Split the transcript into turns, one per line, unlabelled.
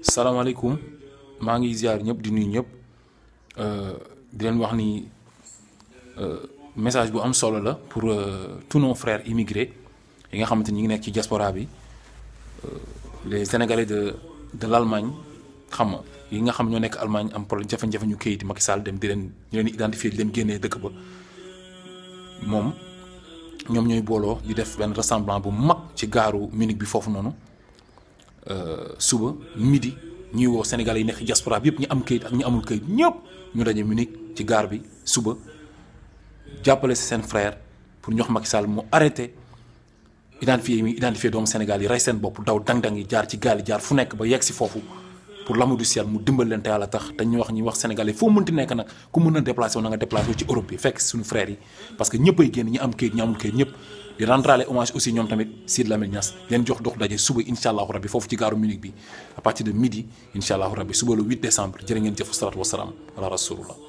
salaamaaleykum ma ngi ziar ñep di ñep euh di len wax ni euh, message bu am solo la pour euh, tous nos frères immigrés yi nga xamanteni ñi nekk ci diaspora bi euh, les sénégalais de de l'Allemagne xam nga yi nga xam ñoo nekk Allemagne am problème jafé jafé ñu kayit Macky Sall dem di len di len identifier di len génnee dëkk ba mom ñom ñoy bolo di def ben rassemblement bu mag ci gaaru Munich bi fofu noonu. Euh, suba midi ñuy woo Sénégalais yi nekk diaspora bi yëpp ñu am këyit ak ñu amul këyit ñëpp ñu daje Munich ci gaar bi suba jàppale si seen frère pour ñox Macky Sall mu arrêté identifié mi identifié doomu Sénégal yi rey seen bopp daw dang-dang yi jaar ci gaal yi jaar fu nekk ba yegg si foofu pour l'amour du ciel mu dimbal leen te yàlla tax te ñu wax ñu wax sénégalais foo mënti nekk nag ku mën a déplacé wu na nga déplacé wu ci Europe bi fekk suñu frères yi parce que ñëpp génn ñi am kayit ñi kayit ñëpp di rendrale hommage aussi ñoom tamit Sidy Lamine Niass leen jox dox daje suba insha allahu rabbi foofu ci gaaru Munich bi à de midi insha allahu rabbi suba le 8 décembre jërë ngeen jëf salaatu wasalaam ala rasulullah